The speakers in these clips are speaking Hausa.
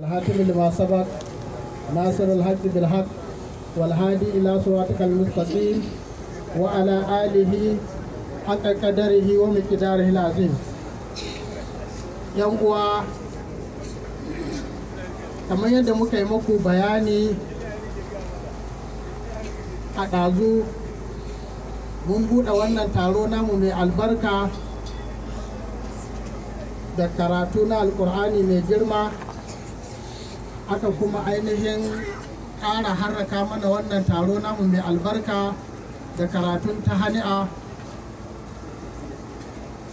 الحاكم لما سبق ناصر الحق بالحق والهادي إلى صراطك المستقيم وعلى آله حق قدره ومقداره العظيم uwa kamar yadda muka yi maku bayani a ɗazu mun buɗe wannan taro namu mai albarka da karatu na alkur'ani mai girma aka kuma ainihin ƙara harraka mana wannan taro namu mai albarka da karatun ta hani'a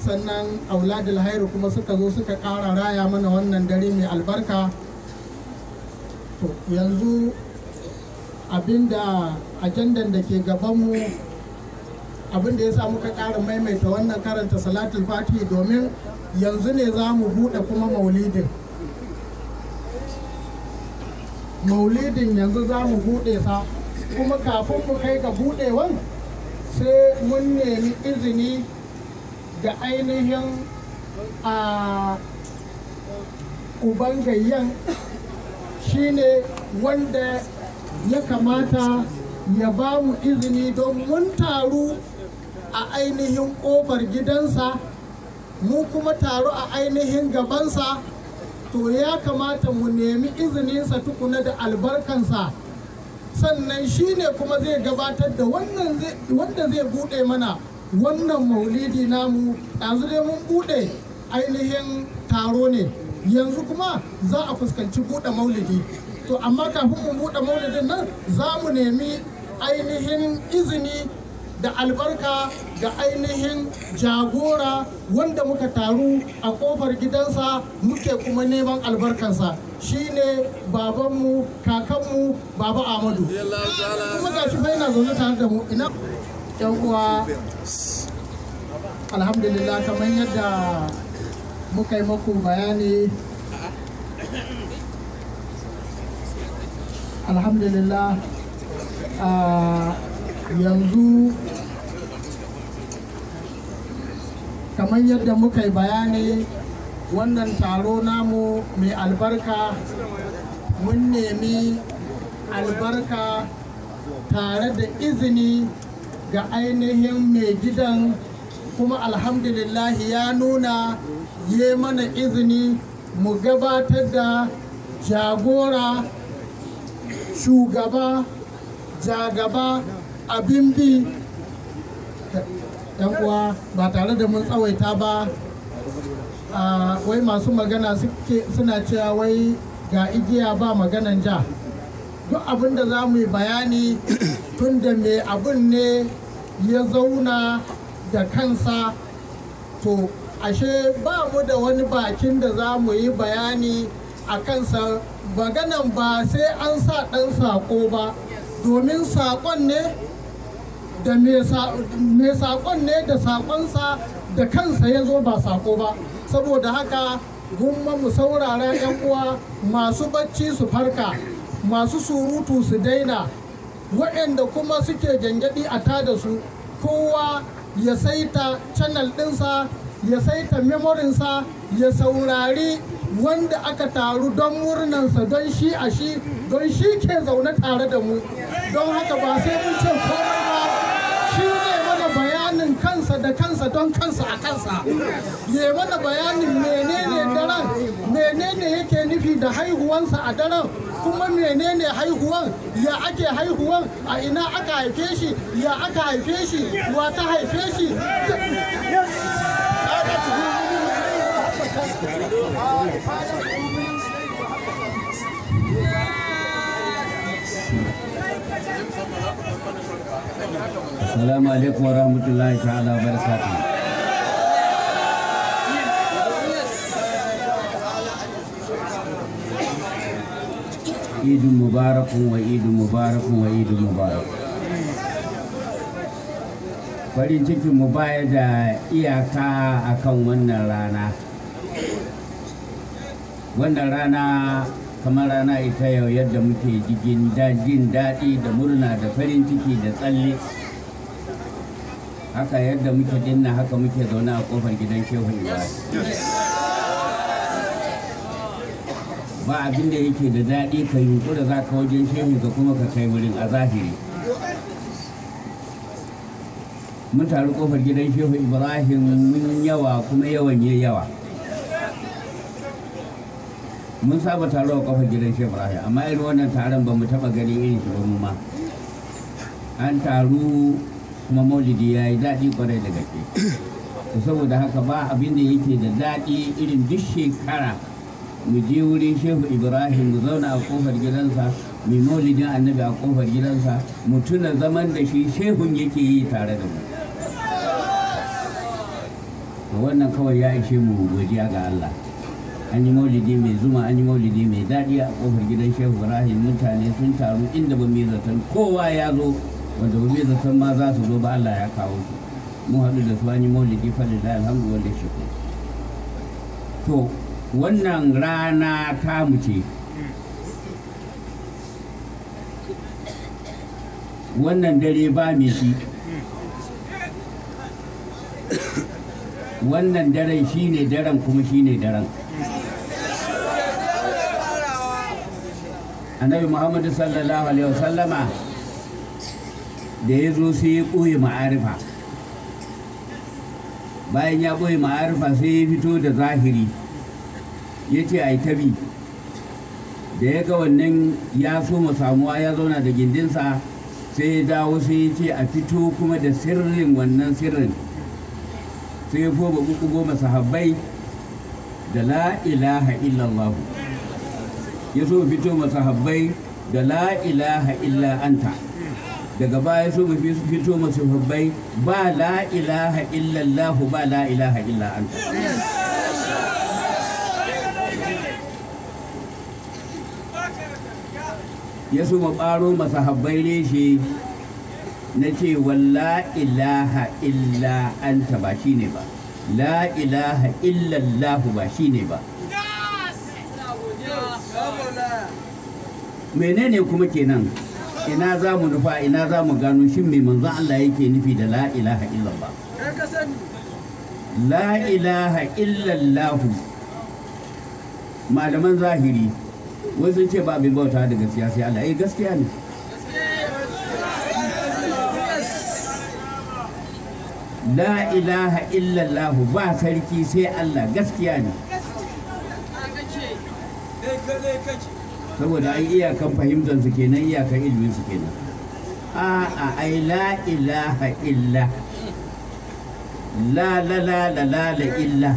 sannan auladul hairu kuma suka zo suka ƙara raya mana wannan dare mai albarka to yanzu abinda ajandan da ke gabanmu abinda ya sa muka ƙara maimaita wannan karanta salatul fatihi domin yanzu ne za mu buɗe kuma maulidin maulidin yanzu za mu buɗe sa kuma kafin mu kai ga buɗewan sai mun nemi izini ga ainihin a uban gayyan shine wanda ya kamata ya ba mu izini don mun taru a ainihin ƙofar gidansa mu kuma taru a ainihin gabansa to ya kamata mu nemi izininsa tukuna da albarkansa sannan shi ne kuma zai gabatar da wanda zai buɗe mana wannan maulidi namu yanzu dai mun buɗe ainihin taro ne yanzu kuma za a fuskanci buɗe maulidi to amma kafin mu buɗe maulidin nan za mu nemi ainihin izini da albarka ga ainihin jagora wanda muka taru a kofar gidansa muke kuma neman albarkansa ne babanmu kakanmu baba amadu kuma ga shi faina zaune tare da mu ina yan uwa alhamdulillah kamar yadda muka yi maku bayani alhamdulillah ah, yanzu kamar yadda muka yi bayani wannan taro namu mai albarka mun nemi albarka tare da izini ga ainihin mai gidan kuma alhamdulillahi ya nuna ya mana izini mu gabatar da jagora shugaba jagaba abin bi yan uwa ba tare da mun tsawaita ba wai masu magana suna cewa wai ga igiya ba maganan ja duk abin da za mu yi bayani tun da mai abin ne ya zauna da kansa to ashe ba mu da wani bakin da za mu yi bayani a kansa maganan ba sai an sa ɗan saƙo ba domin saƙon ne da mai saƙon ne da saƙonsa da kansa ya zo ba saƙo ba saboda haka gumma mu saurara 'yan uwa masu bacci su farka masu surutu su daina waɗanda kuma suke gyangyaɗi a tada su kowa ya saita cannel ɗinsa ya saita memorinsa ya saurari wanda aka taru don murnansa don shi a shi don shi ke zaune tare da mu don haka ba sai mun ce komai ba kansa da kansa don kansa a kansa ya mana bayanin menene daren menene yake nufi da haihuwansa a daren kuma menene haihuwan ya ake haihuwan a ina aka haife shi ya aka haife shi wa ta haife shi Salamu alaikum wa rahmatullahi ta'ala wa barakatuhu. Idin mubarakun wa idin mubarakun wa idin mubarak. Farin cikin mu baya da iyaka akan wannan rana. Wannan rana kamar rana ita yau yadda muke jigin jin daɗi da murna da farin ciki da tsalle. haka yadda muke dinna haka muke zaune a kofar gidan shehu ibrahim ba abin da yake da daɗi ka da za ka wajen shehu ka kuma ka kai wurin a zahiri mun taru kofar gidan shehu ibrahim mun yawa kuma yawan ya yawa mun saba taro a kofar gidan shehu ibrahim amma irin wannan taron ba mu taɓa gani irin shi ba mu ma an taru kuma maulidi ya yi daɗi kwarai da gaske saboda haka ba abin da yake da daɗi irin duk shekara mu je wurin shehu ibrahim mu zauna a kofar gidansa mai maulidin annabi a kofar gidansa mu tuna zaman da shi shehun yake yi tare da mu wannan kawai ya ishe mu godiya ga allah an yi maulidi mai zuma an yi maulidi mai daɗi a kofar gidan shehu ibrahim mutane sun taru inda ba mai zaton kowa ya zo wanda ba zai san ma za su zo ba Allah ya kawo su mun haɗu da su an yi maulidi da alhamdu wanda shi to wannan rana ta mu ce wannan dare ba mai shi wannan daren shi ne daren kuma shi ne daren annabi muhammadu sallallahu alaihi wasallama da ya zo sai ya ɓoye ma'arifa bayan ya ɓoye ma'arifa sai ya fito da zahiri ya ce a yi tabi da ya ga wannan ya so mu samuwa ya zauna da gindinsa sai ya dawo sai ya ce a fito kuma da sirrin wannan sirrin sai ya foba kukugo sahabbai da la ilaha illallah ya so fito masahabbai da la ilaha illa anta daga baya su mafi su fito masu hubbai ba la ilaha illallahu ba la ilaha illa anta ya su maɓaro masa habbai reshe na ce wa ilaha illa anta ba shi ne ba la ilaha illallahu ba shi ne ba menene kuma kenan nan ina za mu nufa ina za mu gano shin mai manzon Allah yake nufi da la ilaha illallah la ilaha illallah malaman zahiri wai sun ce ba bai bauta da gaskiya sai Allah eh gaskiya ne la ilaha illallah ba sarki sai Allah gaskiya ne saboda ai iyakan fahimtar su kenan iyakan ilimin su kenan a'a ai la ilaha illa la la la la la la illa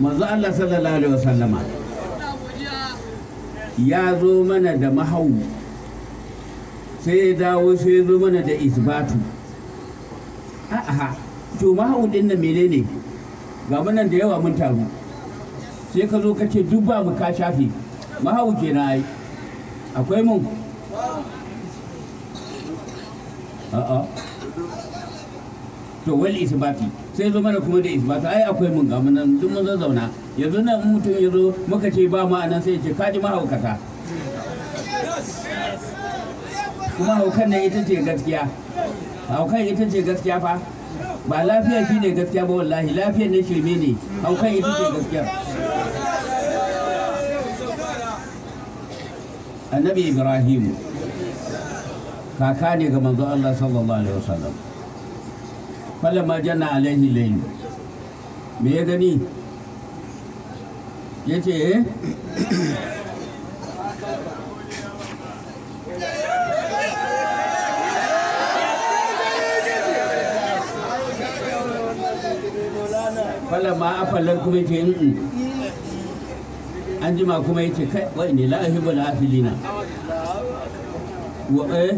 manzo Allah sallallahu alaihi wasallama ya zo mana da mahau sai ya dawo sai ya zo mana da isbatu a'a to maha'un din nan menene ga nan da yawa mun taru sai ka zo ka ce duk ba mu ka shafe maha'un na, ai akwai mun a'a to wal isbati sai zo mana kuma da isbati ai akwai mun ga nan duk mun zauna yanzu nan mutum ya zo muka ce ba anan sai ya ce kaji mahaukata kuma haukan nan ita ce gaskiya haukan ita ce gaskiya fa ba lafiya ne gaskiya ba wallahi lafiyar na shirme ne haukan ita ce gaskiya annabi ibrahim kaka ne ga manzo Allah sallallahu alaihi wasallam falamma janna alaihi layl me ya gani yace eh ma a afallar kuma ce in an jima kuma ya ce kai wai ne la'ahi ba la'afilina eh?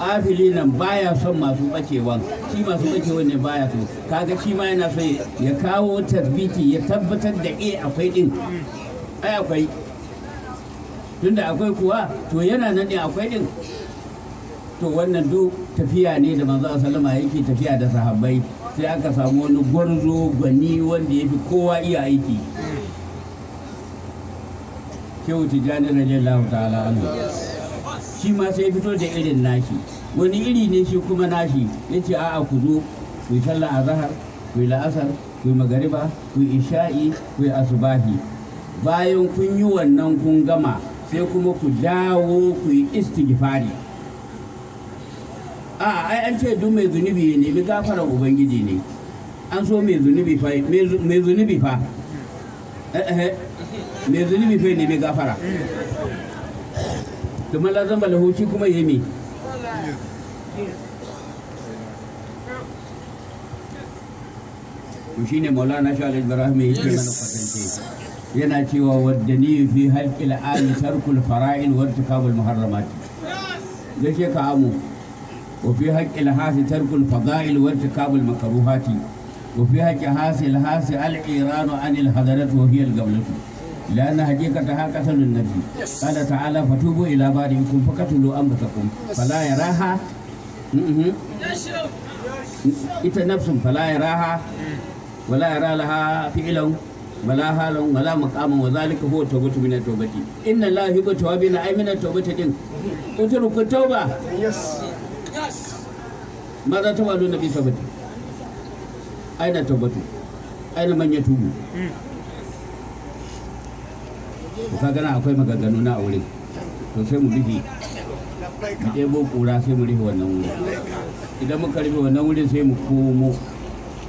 afilina baya son masu bacewan shi masu bacewan ne baya so kaga shi ma yana so ya kawo tasbiti ya tabbatar da e akwai din ai akwai tunda akwai kuwa to yana nan ne akwai din to wannan duk tafiya ne da manzo sallama yake tafiya da sahabbai sai aka samu wani gwarzo gwani wanda ya fi kowa iya aiki kyau tijjani radiyallahu ta'ala al'adu. shi ma sai fito da irin nashi wani iri ne shi kuma nashi ya ce a'a ku zo ku yi sallah zahar ku yi la'asar ku yi magariba ku yi isha'i ku yi asubahi bayan kun yi wannan kun gama sai kuma ku dawo ku yi istighfari a ai an ce duk mai zunubi ne bi gafara ubangiji ne an so mai zunubi fa mai zunubi fa mai zunubi fa eh, eh, ne bi gafara kuma lazan balahoci kuma yemi shi ne maulana shalal ibrahim ya ce mana kwatance yana cewa wadda ni fi halkil ali tarkul fara'il wa irtikabul muharramat da shekamu وفي حق الحاس ترك الفضائل وارتكاب المكروهات وفي حق حاس الحاس العيران عن الحضرة وهي القبلة لأن حقيقتها قتل النفس قال تعالى فتوبوا إلى بارئكم فقتلوا أنفسكم فلا يراها ita nafsun fala ya raha wala ya raha fi'ilan wala halan wala maqaman wa zalika huwa tawbatu min at-tawbati inna allaha yuhibbu tawabin ay min at tauba ma za ta walo na bisa bata aina tabbatu aina manya tubu to ka gana akwai maganganu na aure to sai mu bihi mu ɗebo ƙura sai mu rufe wannan wuri idan muka rufe wannan wuri sai mu komo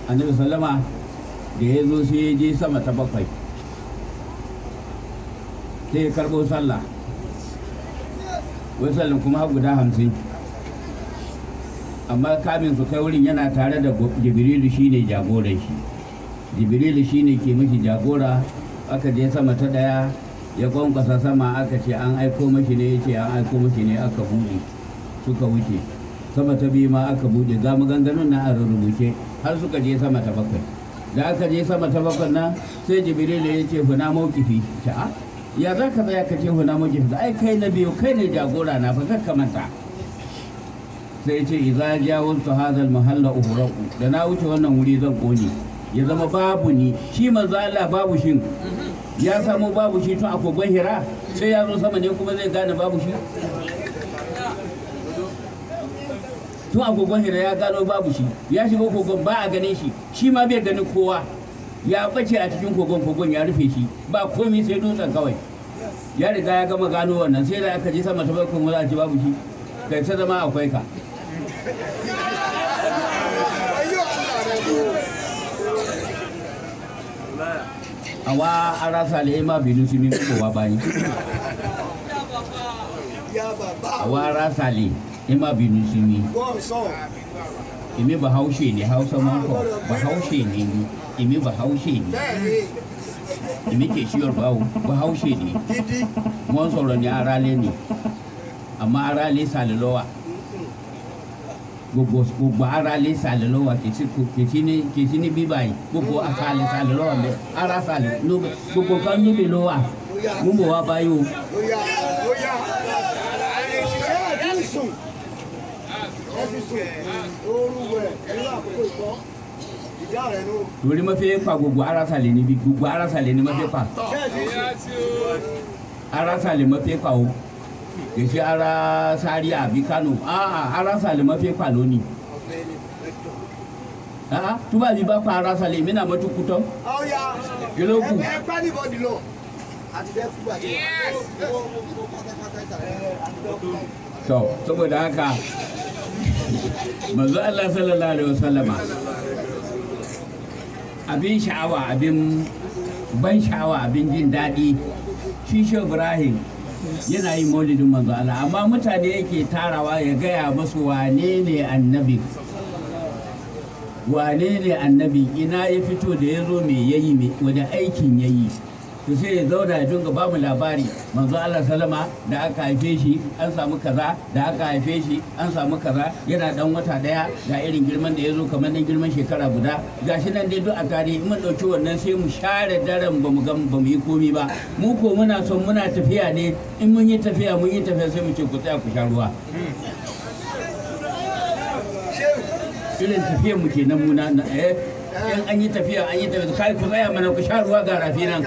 annabi sallama da ya zo sai ya je sama ta bakwai sai ya karɓo sallah wai sallan kuma har guda hamsin amma kamin su kai wurin yana tare da jibrilu shine jagoran shi jibrilu shine ke mashi jagora aka je sama ta daya ya kwankwasa sama aka ce an aiko mashi ne ya ce an aiko mashi ne aka buɗe suka wuce sama ta biyu ma aka buɗe Za mu maganganun na a rubuce har suka je sama ta bakwai da aka je sama ta bakwai nan sai jibrilu ya ce huna maukifi sha'a ya za ka tsaya ka ce huna mawkifi ai kai na biyu kai ne jagora na fa kakka manta sai ce iza jawaltu hadha al-mahalla uhraqu da na wuce wannan wuri zan kone ya zama babu ni shi manzo Allah babu shin ya samu babu shi tun a kogon hira sai ya zo sama ne kuma zai gane babu shi tun a kogon ya gano babu shi ya shiga kogon ba a ganin shi shi ma bai gani kowa ya bace a cikin kogon kogon ya rufe shi ba komi sai dutsen kawai ya riga ya gama gano wannan sai da aka je sama ta bakwai wani a ji babu shi kai ta zama akwai ka àwa arasalẹ̀ ẹ má bínú sí mi kó wá báyìí àwa arasalẹ̀ ẹ má bínú sí mi èmi Bahaushe ni Hausa máa ń kọ Bahaushe ni èmi Bahaushe ni èmi kì í ṣe Yorùbá o Bahaushe ni wọ́n sọ̀rọ̀ ní aráalé ni àmọ́ aráalé sàlẹ̀ lọ́wọ́ gbogbo gbogbo ara lè sàlẹ̀ lọ́wọ́ kìtì ní bíbá yìí gbogbo asàlẹ̀ sàlẹ̀ lọ́wọ́ mẹ́ ara sàlẹ̀ lọ́wọ́ gbogbo kan níbi lọ́wọ́ mú bò wá báyìí o. lórí ma fi pa gbogbo ara sàlẹ̀ níbi gbogbo ara sàlẹ̀ ni ma fi pa ara sàlẹ̀ ma fi pa o kìí ara sáré àbí kánò ah, ah, ara sàlẹ̀ mọ́ fẹ́ pa lónìí ah, tó bá mi bá pa ara sàlẹ̀ mí náà mọ́ tó kú tán kí ló kù. to saboda haka manzo Allah sallallahu alaihi wasallama abin sha'awa abin ban sha'awa abin jin daɗi shi Ibrahim yana yin maulidin manzo Allah amma mutane yake tarawa ya gaya masu wane ne annabi wane ne annabi ina ya fito da ya zo me yayi wani aikin yayi su sai ya zauna ya dinga bamu labari manzo Allah salama da aka haife shi an samu kaza da aka haife shi an samu kaza yana dan wata daya ga irin girman da ya zo kamar nan girman shekara guda gashi nan dai duk a tare mun dauki wannan sai mu share daren bamu ga bamu yi komi ba mu ko muna son muna tafiya ne in mun yi tafiya mun yi tafiya sai mu ce ku tsaya ku sha ruwa hmm. irin tafiyan mu kenan nan muna eh in an yi tafiya an yi tafiya kai ku tsaya mana ku sha ruwa ga rafi nan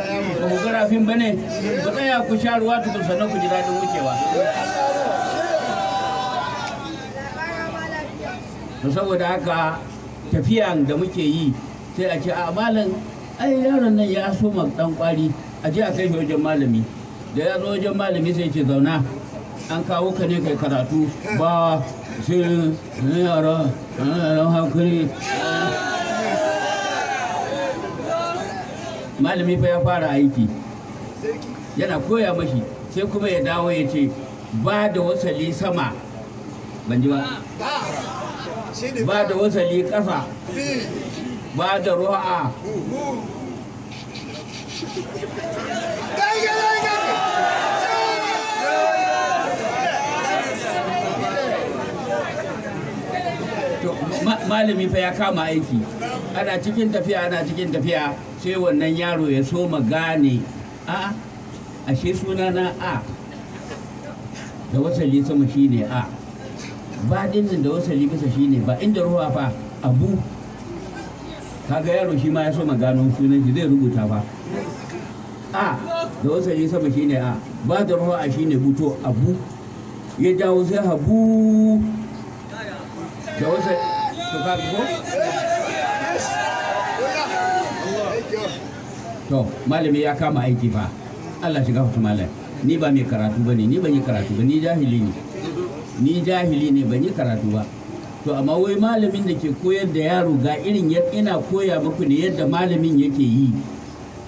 ku ga rafin ba ne ku tsaya ku sha ruwa tukun sannan ku ji daɗin wucewa to saboda haka tafiya da muke yi sai a ce a malam ai yaron nan ya so ma dan kwari a je a kai shi wajen malami da ya zo wajen malami sai ce zauna an kawo ka ne kai karatu ba sai eh, yara eh, hakuri malami fa ya fara aiki yana koya mashi sai kuma ya dawo ya ce ba da wasali sama ban ji ba ah, ba da wasali ƙasa ba da ru'a malami fa ya kama aiki ana cikin tafiya ana cikin tafiya sai wannan yaro ya so ma gane a ashe suna na a da wasali sama shine a ba dinnin da wasali bisa shine ba inda ruwa fa abu kaga yaro shi ma ya so ma gano sunan shi zai rubuta fa a da wasali sama shine a ba da ruwa a shine buto abu ya dawo sai habu da wasali to kaga ko to malami ya kama aiki fa Allah shiga fata malam ni ba mai karatu ba ne ni ban yi karatu ba ni jahili ne ni jahili ne ban yi karatu ba to amma wai malamin da ke koyar da yaro ga irin ina koya muku ne yadda malamin yake yi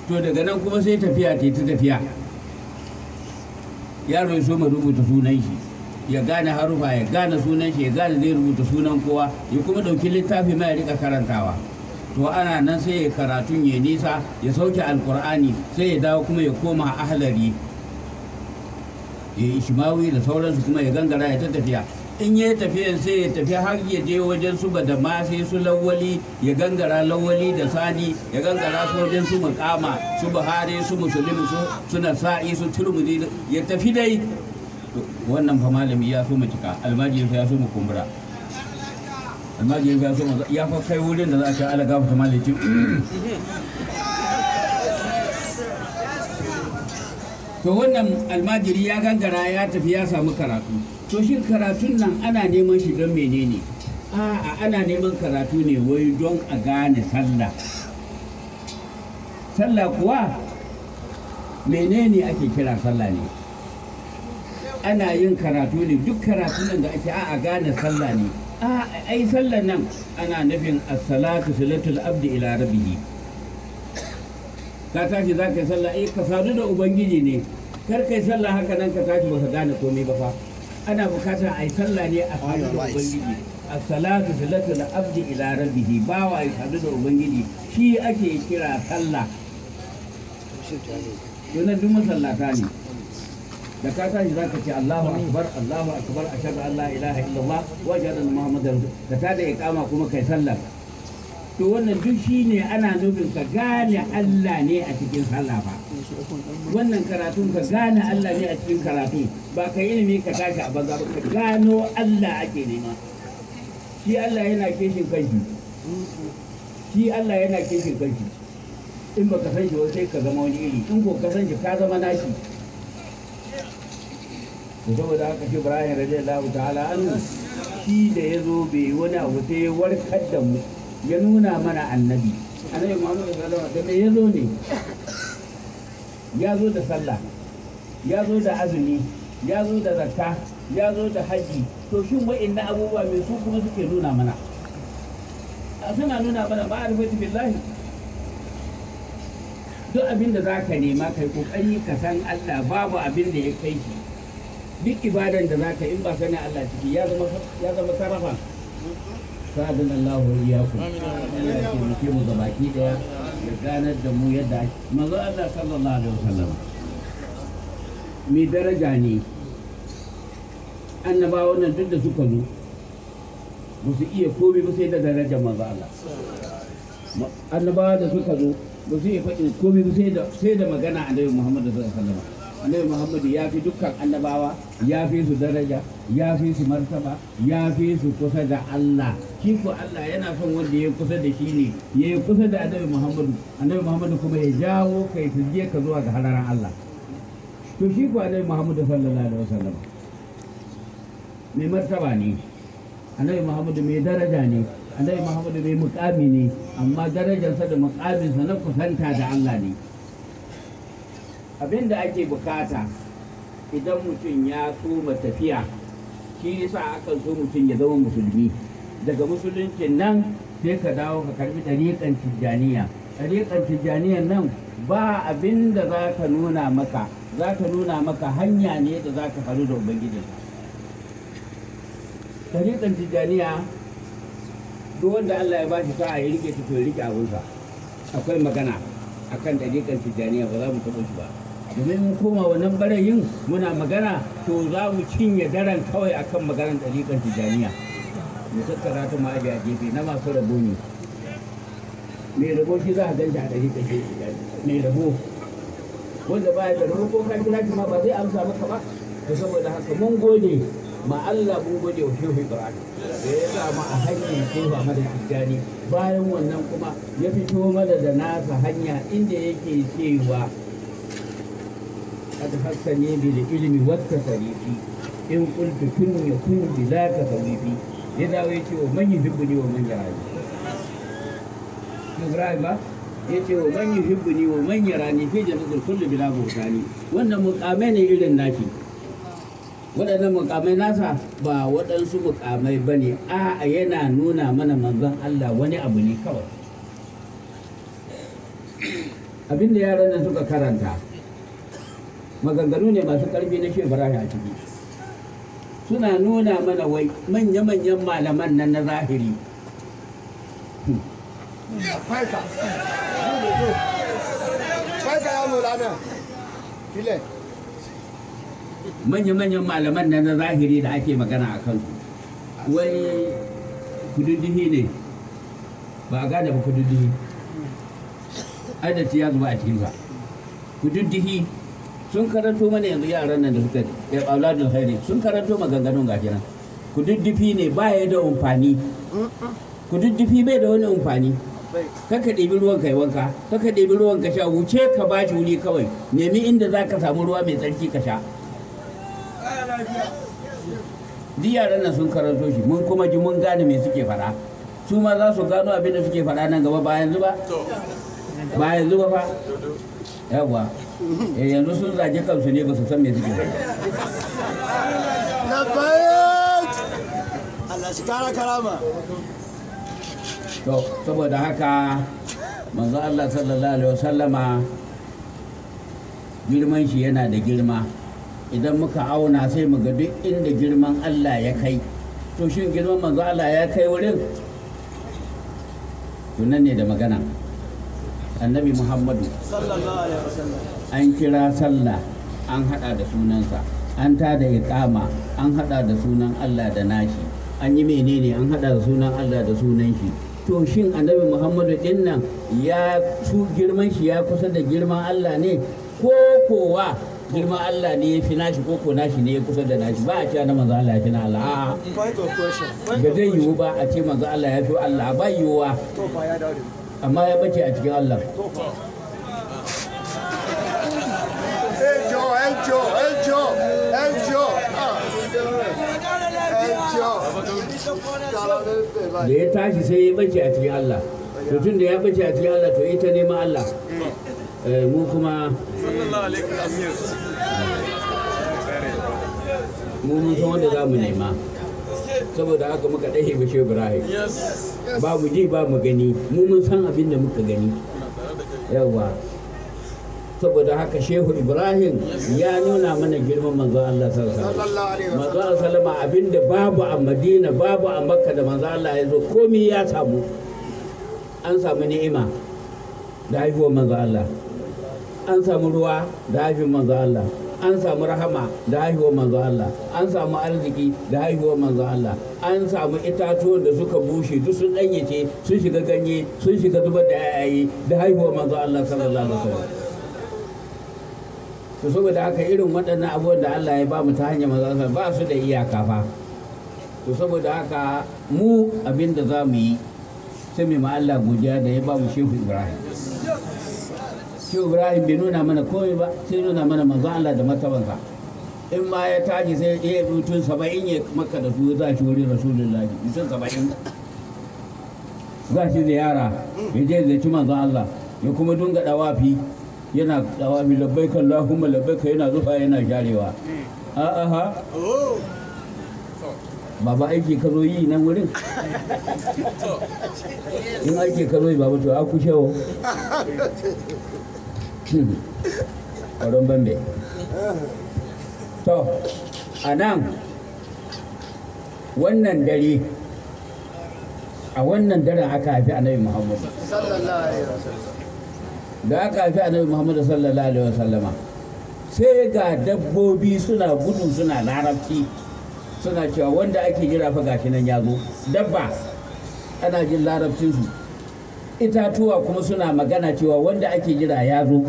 to daga nan kuma sai tafiya ta ta tafiya yaro ya so mu rubuta sunan shi ya gane harufa ya gane sunan shi ya gane zai rubuta sunan kowa ya kuma ɗauki littafi ma ya rika karantawa to ana nan sai ya karatun ya nisa ya sauke alkur'ani sai ya dawo kuma ya koma ahalari ya yi ishimawi da sauransu kuma ya gangara ya ta tafiya in ya tafiya sai ya tafi har ya je wajen su ba da ma sai su lawali ya gangara lawali da sani ya gangara su wajen su mukama su buhari su musulmi su suna sa'i su turmudi ya tafi dai wannan fa malami ya so mu cika almajiri ya so mu kumbura amma da ya so ya kai wurin da za a ce ala gafa malikin to wannan almajiri ya gangara ya tafi ya samu karatu to shi karatun nan ana neman shi don menene a'a ana neman karatu ne wai don a gane sallah sallah kuwa menene ake kira sallah ne ana yin karatu ne duk karatun nan da ake a'a gane sallah ne ai sallar nan ana nufin as-salatu salatul abdi ila rabbihi ka tashi za ka yi sallah eh ka sadu da ubangiji ne kar ka yi sallah haka nan ka tashi ba ka gane komai ba fa ana bukata a yi sallah ne a sadu da ubangiji as-salatu salatul abdi ila rabbihi bawa ya sadu da ubangiji shi ake kira sallah to na duk masallata ne da ka tashi ka ce Allahu akbar Allahu akbar ashhadu an la ilaha illallah wa ashhadu anna muhammadan da ta da iqama kuma kai sallar to wannan duk shi ne ana nufin ka gane Allah ne a cikin sallah ba wannan karatun ka gane Allah ne a cikin karatun. ba ka ilimi ka tashi a banza ba ka gano Allah ake nema shi Allah yana kishin kanshi shi Allah yana kishin kanshi in ba ka san shi sai ka zama wani iri in ko ka san shi ka zama nashi saboda haka shi Ibrahim radiyallahu ta'ala anhu shi da ya zo bai wani abu sai ya warkar da mu ya nuna mana annabi annabi Muhammad sallallahu alaihi wasallam ya zo ne ya zo da sallah ya zo da azumi ya zo da zakka ya zo da haji to shi wa'annan abubuwa mai su kuma suke nuna mana suna nuna mana ba ma'arifatu billahi duk abin da za ka nema kai kokari ka san Allah babu abin da ya kai shi duk ibadan da zaka in ba sani Allah ciki ya zama ya zama sarafa sadan Allah wa iyyakum amin ya taimake mu ga baki daya ya ganar da mu yadda manzo Allah sallallahu alaihi wasallam mi daraja ne annabawa nan duk da suka zo ba su iya komai ba sai da daraja manzo Allah annabawa da suka zo ba su iya faɗin komai ba sai da magana annabi Muhammad sallallahu alaihi wasallam annabi muhammadu ya fi dukkan annabawa ya fi su daraja ya fi su martaba ya fi su kusa da allah shi ko allah yana son wanda ya kusa da shi ne ya yi kusa da annabi muhammadu annabi muhammadu kuma ya jawo kai su je ka zuwa ga hararan allah to shi ko annabi muhammadu sallallahu alaihi wasallam mai martaba ne annabi muhammadu mai daraja ne annabi muhammadu mai mukami ne amma darajarsa da mukaminsa na kusanta da allah ne abin da ake bukata idan mutum ya soma tafiya shi ne sa akan so mutum ya zama musulmi daga musuluncin nan sai ka dawo ka karbi dariƙan tijjaniya dariƙan tijjaniya nan ba abin da za ka nuna maka za ka nuna maka hanya ne da za ka faru da ubangijin dariƙan tijjaniya duk wanda Allah ya ba shi sa'a ya rike ta to ya rike abinsa akwai magana akan dariƙan tijjaniya ba za mu taɓa shi ba domin mun koma wannan barayin muna magana to za mu cinye daren kawai akan maganar ɗariƙar tijaniya mu tattara ta ma a gefe na masu rabo ne mai rabo shi za a ganta a ɗariƙar tijaniya mai rabo wanda baya da rabo ko ka kira ma ba zai amsa maka ba to saboda haka mun gode ma Allah mun gode wa shehu Ibrahim da ya sa mu a hanyar shehu mana Tijjani bayan wannan kuma ya fito mana da nasa hanya inda yake cewa قد حسني بالعلم والتصريف إن قلت كن يكون بلا تصريف لذا ويتي ومن يحبني ومن يراني إبراهيم yace wa man yuhibbuni wa man yarani fi jannatil kulli bila buhtani wannan mukamai ne irin naki waɗannan mukamai nasa ba waɗansu mukamai ba ne a yana nuna mana manzon Allah wani abu ne kawai abinda yaran nan suka karanta maganganu ne masu ƙarfi na shebarari a ciki suna nuna mana wai manya-manyan malaman nan na zahiri manya-manyan malaman nan na zahiri da ake magana a kan wai kududdihi ne ba a gane ba kududdihi adalci ya zuwa a cikin ba kududdihi sun karanto mana yanzu yaran nan da suka ya eh, auladul khairi sun karanto maganganun gashi nan ku duddufi ne ba ya da amfani ku duddufi bai da wani amfani kaka ɗebi ruwan kai wanka kaka ɗebi ruwan ka sha wuce ka ba shi wuri kawai nemi inda za ka samu ruwa mai tsarki ka sha duk yaran nan sun karanto shi mun kuma ji mun gane me suke fara su ma za su gano abin da suke fara nan gaba ba yanzu ba ba yanzu ba fa yawa eh, yanzu sun zage kansu ne ba su san me suke labbaik Allah shi kara karama to saboda haka manzo Allah sallallahu alaihi wasallama girman shi yana da girma idan muka auna sai mu ga duk inda girman Allah ya kai to shin girman manzo Allah ya kai wurin tunan ne da magana annabi muhammadu an kira sallah an hada da sunansa an tada iqama an hada da sunan Allah da nashi an yi menene an hada da sunan Allah da sunan shi to shin annabi muhammadu din nan ya su girman shi ya kusa da girman Allah ne ko kowa girman Allah ne ya fi nashi ko ko nashi ne ya kusa da nashi ba a cewa na manzo Allah ya fi na Allah a ga zai yiwu ba a ce manzo Allah ya fi Allah ba yiwuwa amma ya bace a cikin Allah da ya tashi sai ya bace a cikin Allah Tutun da ya bace a cikin Allah to ita neman Allah eh, mu kuma mu mun san wanda za mu nema saboda haka muka ɗahe ba shehu ibrahim ba mu ji ba mu gani mu mun san abin da muka gani yawa saboda haka shehu ibrahim ya nuna mana girman manzo Allah sallallahu alaihi wasallam abin abinda babu a madina babu a makka da manzo Allah ya zo komai ya samu an samu ni'ima da haihuwar manzo Allah an samu ruwa da haifin manzo Allah an samu rahama da haihuwar manzo Allah an samu arziki da haihuwar manzo Allah an samu itatuwan da suka bushe duk sun danyace sun shiga ganye sun shiga zubar da yayaye da haihuwar manzo Allah sallallahu alaihi wasallam to saboda haka irin waɗannan abubuwan da Allah ya ba mu ta hanyar manzo Allah ba su da iyaka fa to saboda haka mu abin da za mu yi sai mu ma Allah godiya da ya ba mu Shehu Ibrahim shi ibrahim bai nuna mana komai ba sai nuna mana manzo Allah da martabansa in ma ya tashi sai ya dutun saba'in ya maka da su za shi wuri rasulullahi dutun saba'in za shi ziyara ya je zai ci manzo Allah ya kuma dunga dawafi yana dawafi labbaika labbai labbaika yana zufa yana jarewa a ha baba aiki ka zo yi nan wurin in aiki ka zo yi baba to a kushewo ƙwaron bambe to a nan wannan dare a wannan daren aka haifi annabi muhammadu da aka haifi annabi muhammadu sallallahu alaihi wasallama sai ga dabbobi suna gudu suna larabci suna cewa wanda ake jira fa gashi nan ya zo dabba ana jin larabcinsu itatuwa kuma suna magana cewa wanda ake jira ya zo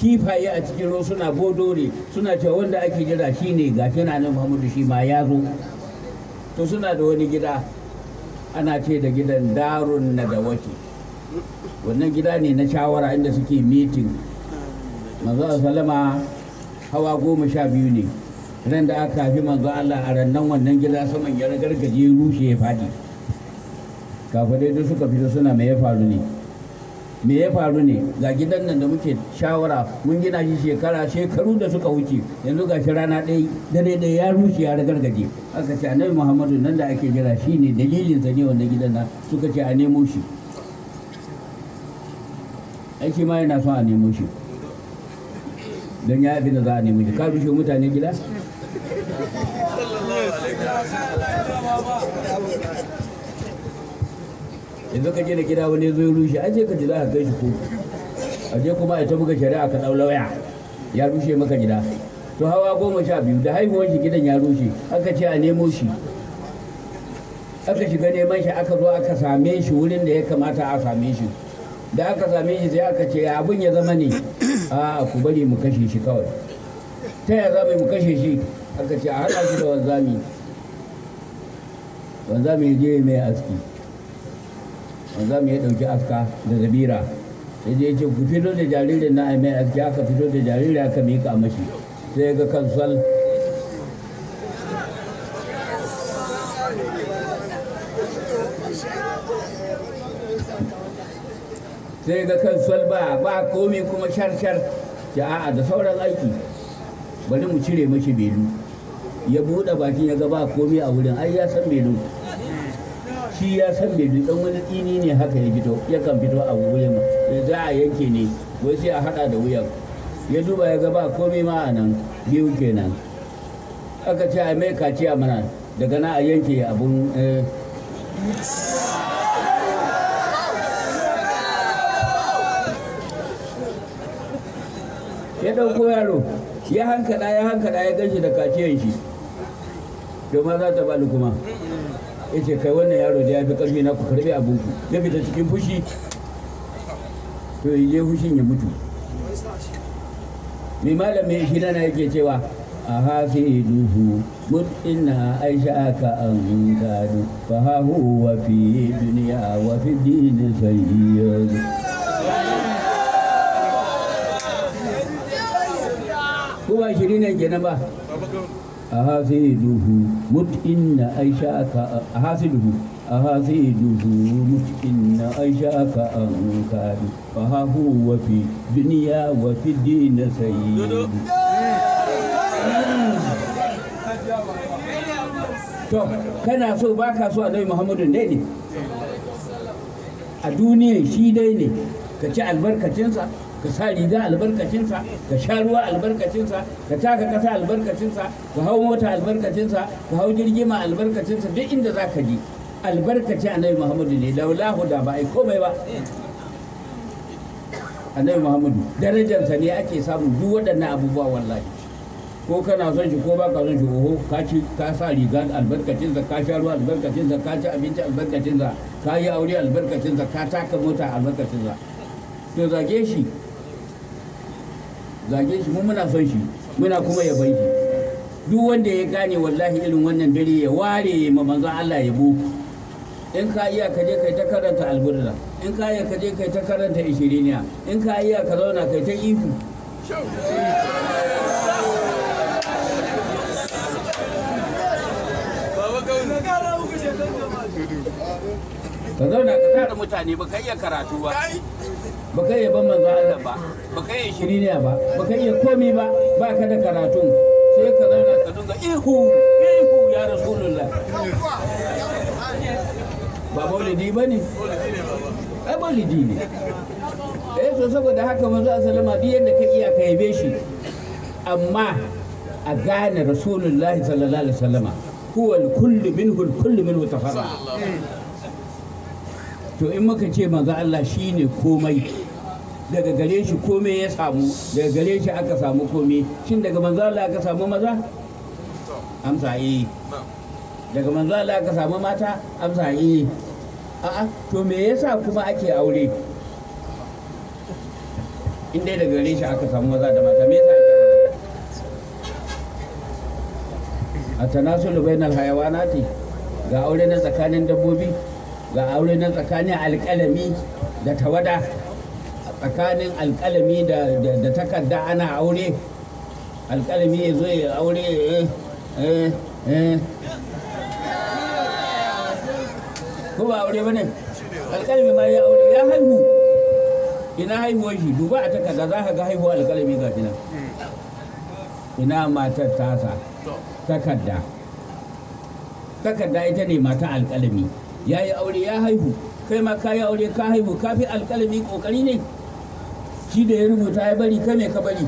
kifaye a cikin ruwa suna ne suna cewa wanda ake jira ne ga na nan Muhammadu shi ma ya zo to suna da wani gida ana ce da gidan darun na da wake wannan gida ne na shawara inda suke mitin manzo salama hawa goma sha biyu ne ran da aka fi manzo Allah a rannan wannan gida saman ya gargaje rushe ya fadi kafirai da suka fito suna me ya faru ne me ya faru ne ga gidan nan da muke shawara mun gina shi shekara shekaru da suka wuce yanzu ga shi rana ɗaya dare da ya rushe ya ragargaje aka ce annabi muhammadu nan da ake jira shi ne dalilin sa ne wanda gidan nan suka ce a nemo shi aiki ma yana son a nemo shi don ya abin da za a nemo shi ka rushe mutane gida yanzu ka je da gida wani zo ya rushe an je ka ji za ka kai shi ko a je kuma a ta buga shari'a ka dau lauya ya rushe maka gida to hawa goma sha biyu da haihuwar shi gidan ya rushe aka ce a nemo shi aka shiga neman shi aka zo aka same shi wurin da ya kamata a same shi da aka same shi sai aka ce abin ya zama ne a ku bari mu kashe shi kawai ta ya zama mu kashe shi aka ce a haɗa shi da wanzami wanzami je mai aski za mu ya dauki aska da zabira sai dai ce ku fito da jaririn na ai mai aski aka fito da jaririn aka ka mashi sai ga kansal sai ga kansal ba ba komi kuma shar-shar ta a'a da sauran aiki bari mu cire mashi belu ya buɗe bakin ya ga ba komi a wurin ai ya san belu shi ya san bai dan wani tsini ne haka ya fito yakan fito a wuyan za a yanke ne wai sai a hada da wuyan ya duba ya ga ba komai ma a nan biyu kenan aka ce a mai kaciya mana daga na a yanke abun eh. ya dauko yaro ya hankada ya hankada ya ganshi da kaciyan shi domin za ta bali kuma ya ce kai wannan yaro da ya fi karfi na ku karbi abin ku ya fita cikin fushi to ya je fushin ya mutu mai malamin shi nana yake cewa a hafi duhu mut ina aisha ka an kadu fa hahu wa fi duniya wa fi dini sayyid Kuma shiri ne kenan ba أهازيله متئن أيشاك أهازيله أهازيله متئن أيشاك أنكار فها هو في الدنيا وفي الدين سيد to kana so ba ka so a dai muhammadun dai ne a duniyan shi dai ne ka ci albarkacinsa ka sa riga albarkacinsa ka sha ruwa albarkacinsa ka taka kasa albarkacinsa ka hau mota albarkacinsa ka hau jirgima albarkacinsa duk inda za ka je albarkaci annabi muhammadu ne laulahu da ba ai komai ba annabi muhammadu darajarsa ne ake samu duk waɗannan abubuwa wallahi ko kana son shi ko ba ka son shi oho ka ci ka sa riga albarkacinsa sa ka sha ruwa albarkacinsa sa ka ci abinci albarkacinsa sa ka yi aure albarkacinsa sa ka taka mota albarkacinsa sa to zage shi zage shi mu muna son shi muna kuma bai shi duk wanda ya gane wallahi irin wannan dare ya ware ma manzon Allah ya bu in ka iya ka je kai ta karanta alburda in ka iya ka je kai ta karanta ishiriniya in ka iya ka zauna kai ta ihu ka zauna ka tara mutane ba ka iya karatu ba ba ka iya ban manzo Allah ba ba ka iya shiriniya ba ba ka iya komi ba ba ka da karatu sai ka zauna ka dinga ihu ihu ya rasulullah ba maulidi ba ne ai maulidi ne eh to saboda haka manzo sallama duk yadda ka iya ka yabe shi amma a gane rasulullahi sallallahu alaihi wasallama huwa kullu minhu kullu minhu tafarra to in muka ce manzo Allah shine komai daga gare shi komai ya samu daga gare shi aka samu komai shin daga manzo Allah aka samu maza amsa eh daga manzo Allah aka samu mata amsa eh a'a to me yasa kuma ake aure in dai daga gare shi aka samu maza da mata me yasa ake a tanasulu bainal hayawanati ga aure na tsakanin dabbobi ga aure na tsakanin alƙalami da tawada tsakanin alkalami da takarda ana aure alkalami ya zo ya aure eh, eh, eh. ko ba aure ba ne alkalami ma ya aure ya haihu ina haihuwa shi duba a takarda za ka ga haihuwa alkalami ga shi nan ina matar tasa takarda takarda ita ne mata alkalami ya yi aure ya haihu kai ma ka yi aure ka haihu ka fi alkalami kokari ne shi da ya rubuta ya bari ka ne ka bari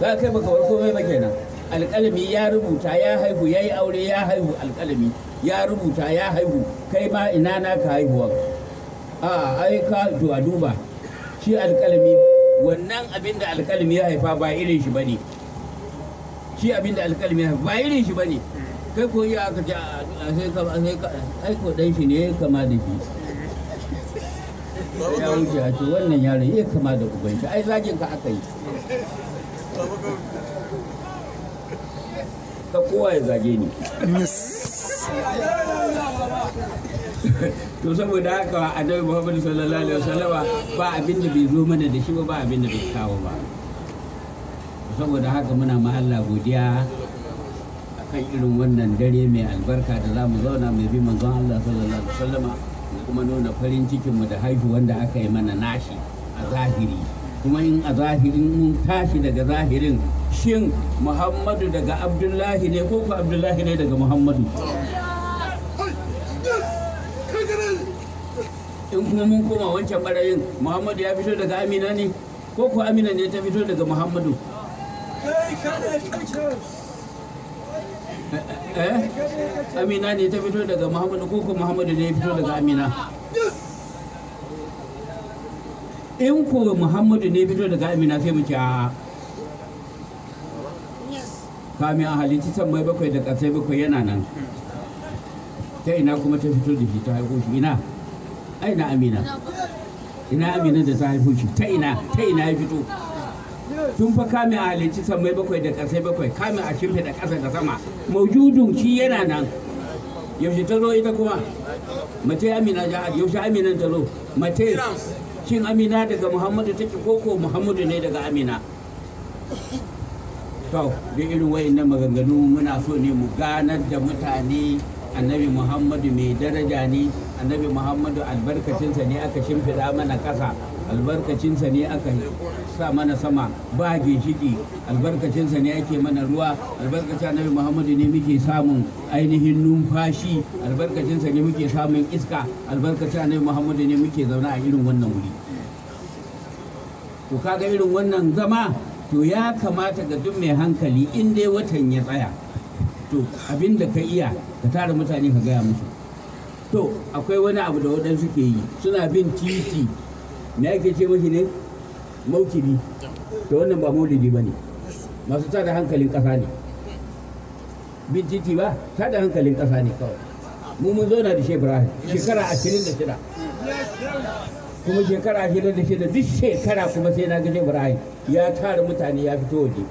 za kai baka warko mai ba kenan alƙalami ya rubuta ya haihu ya yi aure ya haihu alƙalami ya rubuta ya haihu kai ma ina na ka haihuwa a ai ka duwa duba shi alƙalami wannan abin da alƙalami ya haifa ba irin shi bane shi abin da alƙalami ya haifa ba irin shi bane kai ko iya aka ce sai ka sai ka ai ko dan shi ne kama da shi ya wuce a ce wannan yaro ya kama da uban shi ai zagin ka aka yi ka kowa ya zage ni to saboda haka annabi muhammad sallallahu alaihi wasallama ba abin da bai zo mana da shi ba ba abin da bai kawo ba saboda haka muna ma godiya akan irin wannan dare mai albarka da za mu zauna mai bi manzon Allah sallallahu alaihi wasallama kuma nuna farin cikinmu da haihuwan da aka yi mana nashi a zahiri kuma in a zahirin mun tashi daga zahirin shin muhammadu daga abdullahi ne ko ku abdullahi ne daga muhammadu in kuma mun koma wancan barayin muhammadu ya fito daga amina ne ko ku amina ne ta fito daga muhammadu Eh? amina ne ta fito daga muhammadu koko muhammadu ne ya fito daga amina in ko muhammadu ne fito daga amina sai mu kya. a kamin a halitta san mai bakwai da ƙasai bakwai yana nan ta ina kuma ta fito da shi ta haifo shi ina na amina ina amina da ta haifo shi ta ina ta ina ya fito tun fa kame a halicci sammai bakwai da ƙasai bakwai kame a shimfe da ƙasa da sama maujudun shi yana nan yaushe ta zo ita kuma mace amina jihar yaushe aminan ta zo mace shin amina daga muhammadu take koko muhammadu ne daga amina to da irin wayannan maganganu muna so ne mu ganar da mutane annabi muhammadu mai daraja ne annabi muhammadu albarkacinsa ne aka shimfiɗa mana ƙasa albarkacinsa ne aka sa mana sama ba ginshiki albarkacinsa ne ake mana ruwa albarkacin annabi muhammadu ne muke samun ainihin numfashi albarkacinsa ne muke samun iska albarkacin annabi muhammadu ne muke zauna a irin wannan wuri to kaga irin wannan zama to ya kamata ga duk mai hankali in dai watan ya tsaya to abin da ka iya ka tara mutane ka gaya musu to akwai wani abu da waɗansu ke yi suna bin titi me ke ce mashi ne maukibi to wannan ba maulidi ba ne masu tada hankalin ƙasa ne bin titi ba tada hankalin ƙasa ne kawai mu zo na da shekara shekara ashirin da shida kuma shekara ashirin da shida duk shekara kuma sai na ga ibrahim ya tara mutane ya fito waje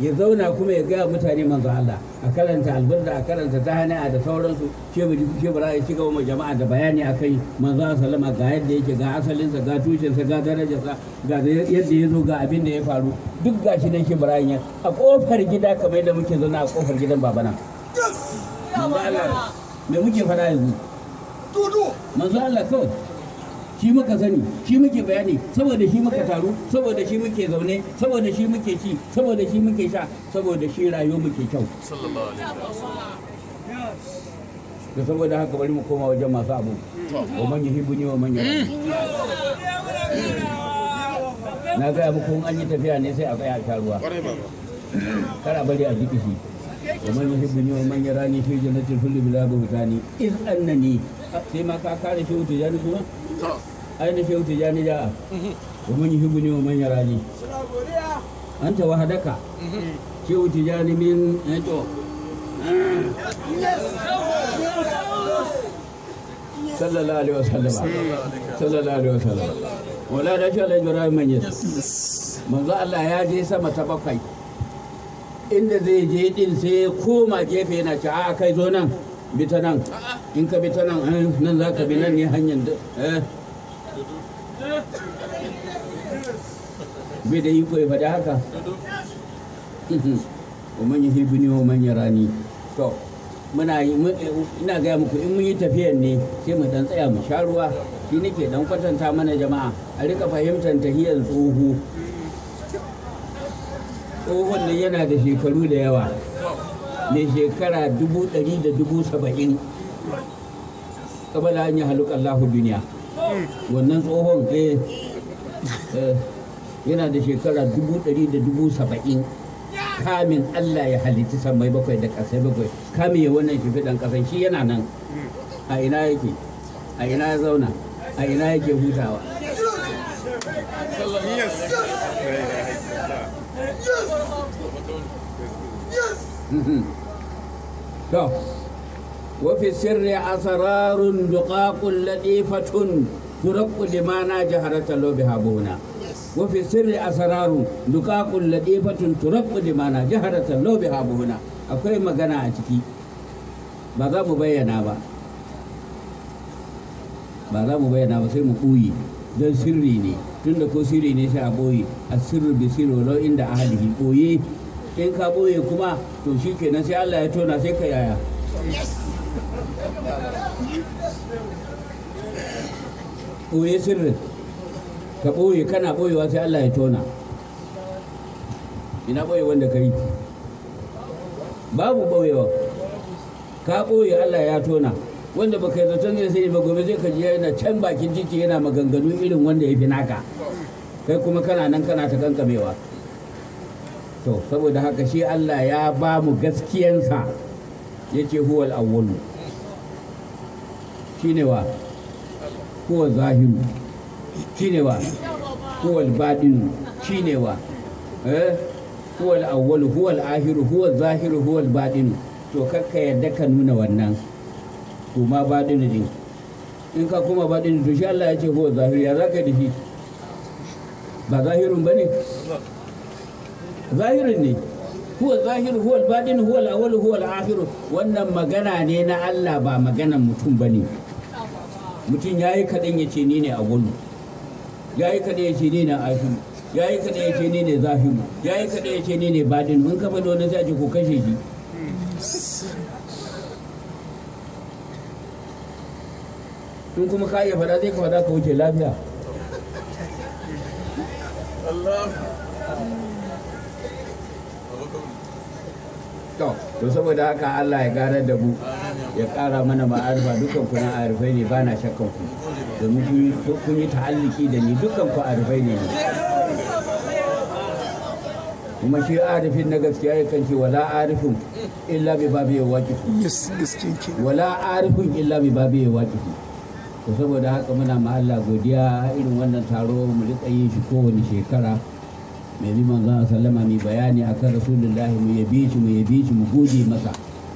ya zauna kuma ya gaya mutane manzo Allah a karanta albarda a karanta a da sauransu shebari shebara ya shiga wa jama'a da bayani kai, manzo sallama ga yadda yake ga asalinsa ga tushensa ga darajarsa ga yadda ya zo ga abin da ya faru duk gashi nan shebara ya a kofar gida kamar yadda muke zauna a kofar gidan babana Allah me muke fara yanzu manzo Allah kawai shi muka sani shi muke bayani saboda shi muka taru saboda shi muke zaune saboda shi muke ci saboda shi muke sha saboda shi rayuwa muke kyau da saboda haka bari mu koma wajen masu abu mm. wa manyan hibu ne wa manyan mm. na gaya muku in an yi tafiya ne sai a tsaya a ruwa kar bari a jiki shi ومن يحبني ومن يراني في جنة الفل بلا بهتاني إذ أنني سيما كاكاري شو تجاني aina ja tijani da wa man ne wa man yarani anta wahdaka shehu jani min eto sallallahu alaihi wasallam sallallahu alaihi wasallam wala da shi Allah Ibrahim man yes manzo Allah ya je sama ta bakwai inda zai je din sai ya koma gefe yana ci a kai zo nan bi ta nan in ka bi ta nan eh, nan za ka bi nan ne hanyar da. Eh. bai da iko ba da haka wa manya hibini wa manya rani to muna yi eh, ina gaya muku in mun yi tafiyan ne sai mu dan tsaya mu sha ruwa shi nake dan kwatanta mana jama'a a rika fahimtar tahiyar tsoho tsohon nan yana da shekaru da yawa mai shekara dubu dari da dubu saba'in kabala an yi halukan lahu duniya wannan tsohon eh, eh yana da shekara dubu ɗari da dubu saba'in kamin Allah ya halitti samai bakwai da ƙasai bakwai kamin ya wannan shi fiɗan ƙasai shi yana nan a ina yake a ina ya zauna a ina yake hutawa mhm. to wafi sirri asararun duƙaƙun latifatun ترق لمانا جهرة لو بهابونا وفي سر أسرار دقاق لطيفة ترق لمانا جهرة لو بهابونا أكوي مغانا أتكي ba مبينا با bayyana مبينا با mu قوي don sirri ne tunda ko sirri ne sai a ɓoye a sirri bi sirri walau inda ahalihi ɓoye in ka ɓoye kuma to shi kenan sai Allah ya tona sai ka yaya ɓoye sirrin ka ɓoye kana ɓoyewa sai Allah ya tona ina ɓoye wanda ka yi babu ɓoyewa ka ɓoye Allah ya tona wanda baka yi zaton zai sai ba gobe zai ka ji yana can bakin ciki yana maganganu irin wanda ya fi naka kai kuma kana nan kana ta kankamewa to saboda haka shi Allah ya ba mu gaskiyansa yake huwal awwalu shine wa huwa zahiru shine wa huwa al-batinu shine wa eh huwa al-awwal huwa al-ahiru huwa zahiru huwa al-batinu to kakka yadda ka nuna wannan kuma batinu ne in ka kuma batinu to shi Allah ya ce huwa zahiru ya zaka da shi ba zahirun bane zahirin ne huwa zahiru huwa al-batinu huwa al-awwal huwa al-ahiru wannan magana ne na Allah ba maganan mutum bane ne mutum ya yi kaɗin ya ce ni ne a gudu ya yi kaɗin ya ce ni ne a ahimu ya yi kaɗin ya ce ni ne zahimu ya yi kaɗin ya ce ni ne badin in ka faɗi wani sai a ko kashe shi in kuma ka iya faɗa zai ka faɗa ka wuce lafiya to saboda haka Allah ya gara da mu ya kara mana ma'arifa dukan kuna na arifai ne ba na shakkan ku domin kun yi ta'alliki da ni dukan ku arifai ne kuma shi arifin na gaskiya ya kanci wala arifin illa bi babu ya waƙi wala arifin illa bi babu ya waƙi to saboda haka muna ma Allah godiya irin wannan taro mu rika yin shi kowane shekara mai bi manzon sallama mai bayani a akan rasulullahi mu yabi shi mu yabi shi mu gode masa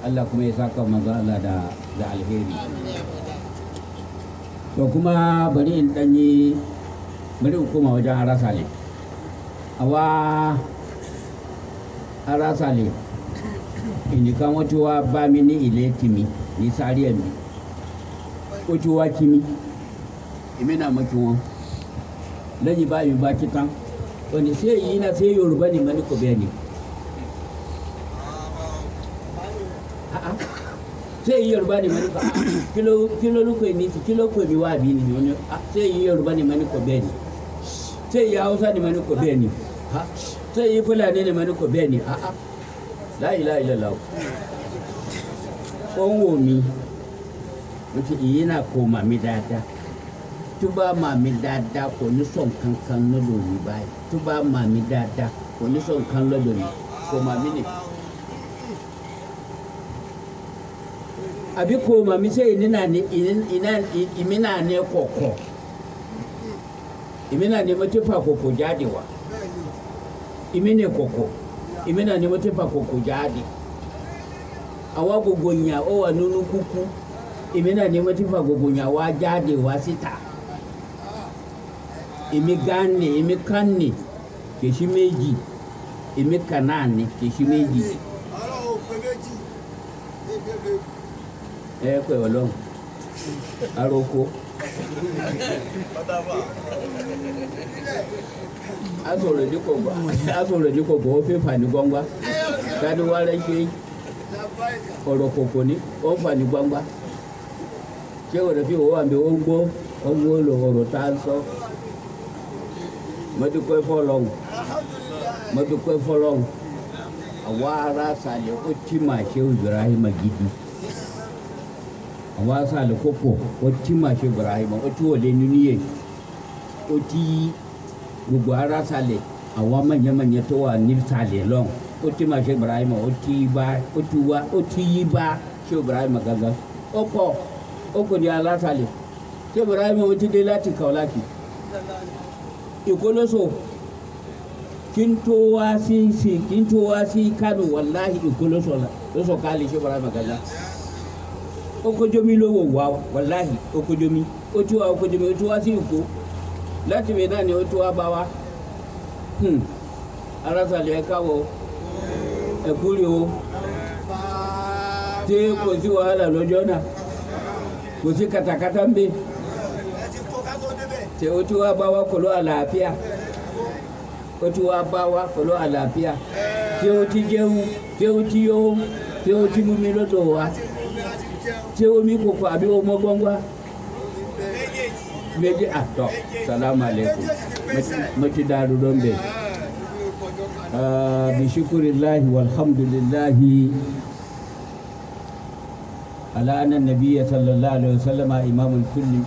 Allah kuma ya saka manzon Allah da da alheri to kuma bari in danyi bari in koma wajen arasa ne awa arasa ne nìkan wọ́n ti wá bá mi ní ilé kìmí ní sáré ẹ̀mí ó ti wá kìmí èmi náà mọ̀ kí wọ́n lẹ́yìn báyìí òní sí èyí náà sí yorùbá nìkan ní kò bẹ́ẹ̀ ni sí èyí yorùbá nìkan ní kí ló lóko èmi kí ló kó èmi wá àbí ni òní sí èyí yorùbá nìkan ní kò bẹ́ẹ̀ ni sí èyí haúsá nìkan ní kò bẹ́ẹ̀ ni sí èyí fúlàní nìkan ní kò bẹ́ẹ̀ ni láyé láyé lọ́la o ó ń wò mí ìyí náà kò mà mí dáadáa tó bá mà mí dáadáa kò ní sọ nǹkan kan lọ́dọ̀ mi báyìí tó bá mà mí dáadáa kò ní sọ nǹkan lọ́dọ̀ mi kò mà mí nì. àbí kò mà mí sẹ́ ìní náà ní ìmí náà ní kọ̀kọ̀ ìmí náà ní mo ti fa kòkò jáde wá ìmí ní kòkò ìmí náà mo ti fa kòkò jáde àwa gbogbo yàn ó wà nínú kúkú ìmí náà mo ti fa gbogbo yàn wá jáde wá síta èmi gánni èmi kánni kìí ṣe méjì èmi kànáàni kìí ṣe méjì. ẹ pẹ Ọlọ́run aroko asọ̀rọ̀ dípò gbọ́ asọ̀rọ̀ dípò gbọ́ ó fẹ́ fani gbangba tani wàrà ṣe ọ̀rọ̀ kòkò ni ó fani gbangba ṣé ọ̀rọ̀ fi wọ́n wà mí ó ń gbọ́ ó ń gbọ́ ọ̀rọ̀ tá a sọ. So mo dúpẹ́ fọlọ́n mo dúpẹ́ fọlọ́n àwa ará sàlẹ̀ ó tí màá ṣe Ibrahim gidi àwa sàlẹ̀ kókò ó tí màá ṣe Ibrahim ó tí wọlé nínú yẹn ó tí gbogbo ará sàlẹ̀ àwa mọ̀nyẹ́mọ̀nyẹ́ tó wà ní sàlẹ̀ lọ́n ó tí màá ṣe Ibrahim ó tí bá ó tí wá ó tí yí igoloso kinto wasi si kinto wasi kano wallahi igoloso la loso kali se bara magala okojomi lowo wa wallahi okojomi hmm. o ti wa okojomi o ti wa si iko láti mi náà ni o ti wa bá wa arasalẹ káwọ ẹkúrẹ o tí kò sí wàhálà lọ́jọ́ náà kò sí katakata ń bẹ tí ó ti wá bá wa pẹ̀lú àlàáfíà ó ti wá bá wa pẹ̀lú àlàáfíà tí ó ti jẹun tí ó ti yó tí ó ti mímí lọ́dọ̀ wa tí omi kò fà bí ọmọ gbọ́ngbà méjì àtọ̀ ah, salamu aleykum mo ti dáadọ́ dọ́ńbẹ́. Uh, ah, bishukurillahi walhamdulillahi sallallahu alaihi wasallama imamul kulli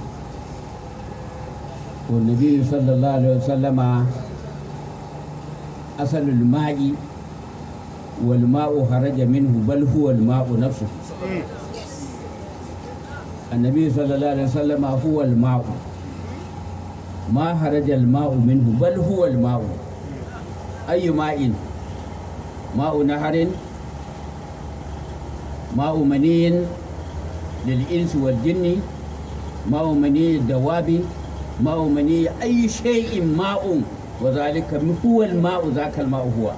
والنبي صلى الله عليه وسلم أصل الماء والماء خرج منه بل هو الماء نفسه النبي صلى الله عليه وسلم هو الماء ما خرج الماء منه بل هو الماء أي ماء ماء نهر ماء مني للإنس والجن ماء مني الدواب ما هو مني أي شيء ماء وذلك هو الماء ذاك الماء هو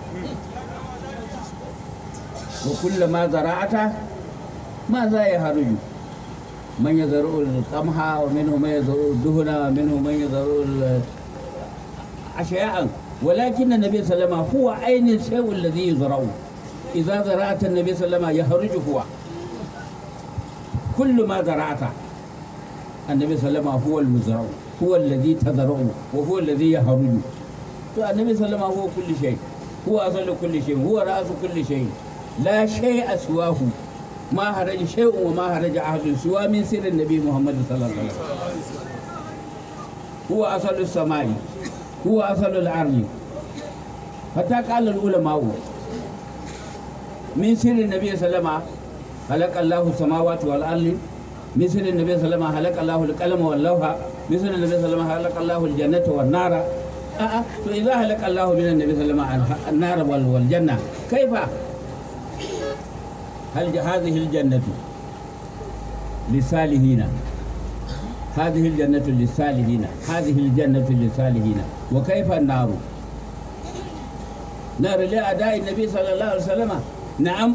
وكل ما زرعته ماذا يهرج من يزرع القمح ومنه من يزرع الدهن ومنه من يزرع أشياء ولكن النبي صلى الله عليه وسلم هو عين الشيء الذي يزرعه إذا زرعت النبي صلى الله عليه وسلم يهرج هو كل ما زرعته النبي صلى الله عليه وسلم هو المزرع huwa allazi tazara'u wa huwa allazi yahrudu to annabi sallama huwa kulli shay huwa asalu kulli shay huwa ra'su kulli shay la shay'a siwahu ma haraja shay'un wa ma haraja ahadun siwa min sirrin nabi muhammad sallallahu alaihi wasallam huwa asalu samai huwa asalu al-ardi hatta qala al-ulama min sirrin nabi sallama خلق الله السماوات والأرض من سر النبي صلى الله عليه وسلم خلق الله القلم واللوحة مثل النبي صلى الله عليه وسلم خلق الله الجنة والنار أه, آه. فإذا هلك الله من النبي صلى الله عليه وسلم النار والجنة كيف هل هذه الجنة للصالحين هذه الجنة للصالحين هذه الجنة للصالحين وكيف النار نار لأداء النبي صلى الله عليه وسلم نعم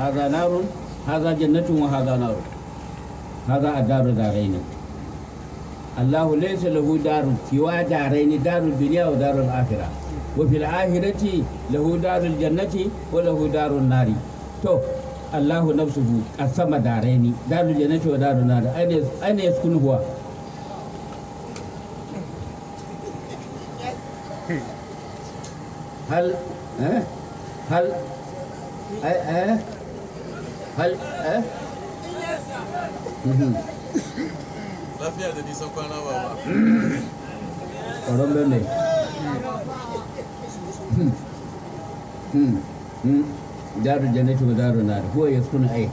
هذا نار هذا جنة وهذا نار هذا الدار دارين الله ليس له دار سوى دارين دار الدنيا ودار الآخرة وفي الآخرة له دار الجنة وله دار النار تو الله نفسه قسم دارين دار الجنة ودار النار أين يسكن هو هل أه؟ هل أه؟ أه؟ هل lafiya da nisan kwana ba ba ƙwaron bane daru jannatu wa daru nar huwa yaskunu ay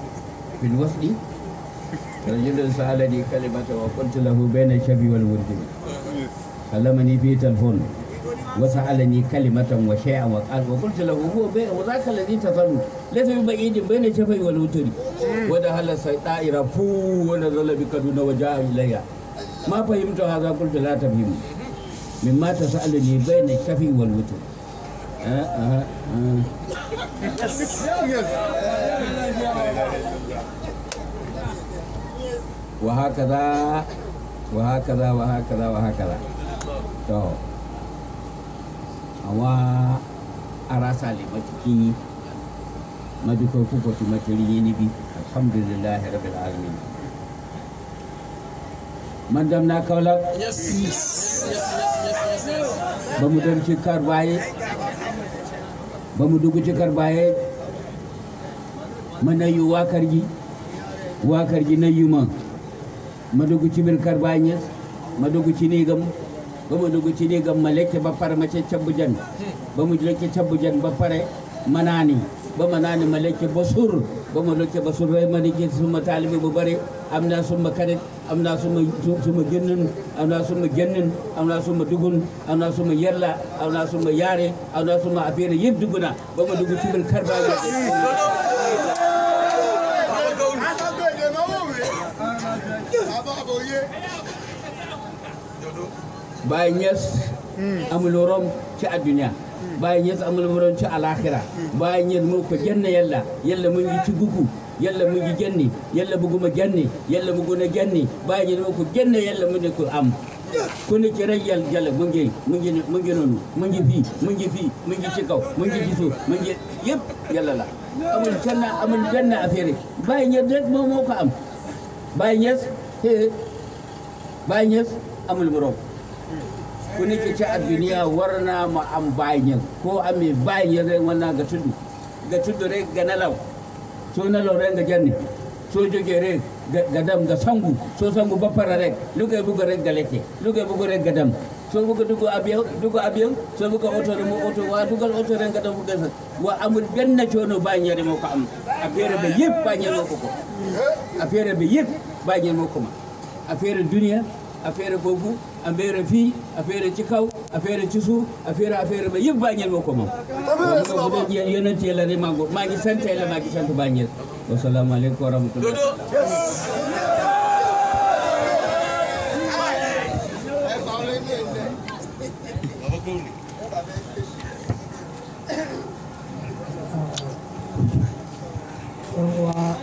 fil wasdi rajulun kalimata wa lahu shabi wal fi telefon wasu alani kalimatan wa shay'an wa qal wa qult lahu huwa bai wa zaka ladhi tafaru laysa bi ba'idin bayna shafai wal wutri hmm. wa da hal sayta'ira fu wa la zalabi kaduna wa ja'a ilayya ma fahimta hadha qult la tafhim mimma tasaluni bayna shafai wal wutri ah, ah, ah. wa hakaza wa hakaza wa hakaza wa hakaza to Awa arasa sàlẹ̀ mọ́ ti kín yín mo dúpẹ́ púpọ̀ tí mo ti rí yín níbí alhamdulilayi rabbil alamin. mandam na kaula ba mu don cikar baye ba mu dugu cikar baye mana yi wakar gi wakar gi na yi ma madugu cibir kar baye madugu ci gamu ba ma dugg ci néegam ma lekk ba pare ma ca cabb jan ba mu lekk cabb jan ba pare ma naani ba ma naani ma lekk ba suur ba ma lekk ba ma ne gis suma taalibe bu bëri am naa suma karit am naa suma suma am naa suma génnun am naa suma dugun am naa suma yaare am naa suma affaire yëpp dugg ba ma dugg ci biir Baye Niass amul morom ci adduna Baye Niass amul morom ci alaxira Baye Niass moo ko jenn yàlla yalla mu ngi ci guggu yàlla mu ngi yalla yàlla bëgguma jenni yalla mu gën a jenni Baye Niass moo ko jenn yàlla mu ne ko am ku ne ci rek yàlla mu ngi mu ngi mu ngi noonu mu ngi fii mu ngi fii mu ngi ci kaw mu ngi ci mu ngi yëpp yàlla la amul kenn amul benn affaire baay Niass rek moo ko am Baye Niass eh, eh. Baye Niass amul morom kuni ke ci duniya warna ma an bayan ko a mai ya rai wannan ga tudu ga tudu rai ga nalau so nalau rai ga janni so joge rai ga dam ga sangu so sangu ba fara rai luga buga rai ga leke luga buga rai ga dam so buga dugu abiyan dugu abiyan so buga oto rai mu oto wa dugal oto rai ga dam buga sa wa amul benna bayan ya rai mu ko am afere be yip banyan mu ko afere be yip banyan mu ko ma fere duniya fere gogu affaire fi affaire ci kaw affaire ci suuf affaire affaire ba yeb bañel moko mom yonenté la ni mangu ma ngi santé la ma ngi sant bañel wa salam alaykum wa rahmatullah Wow.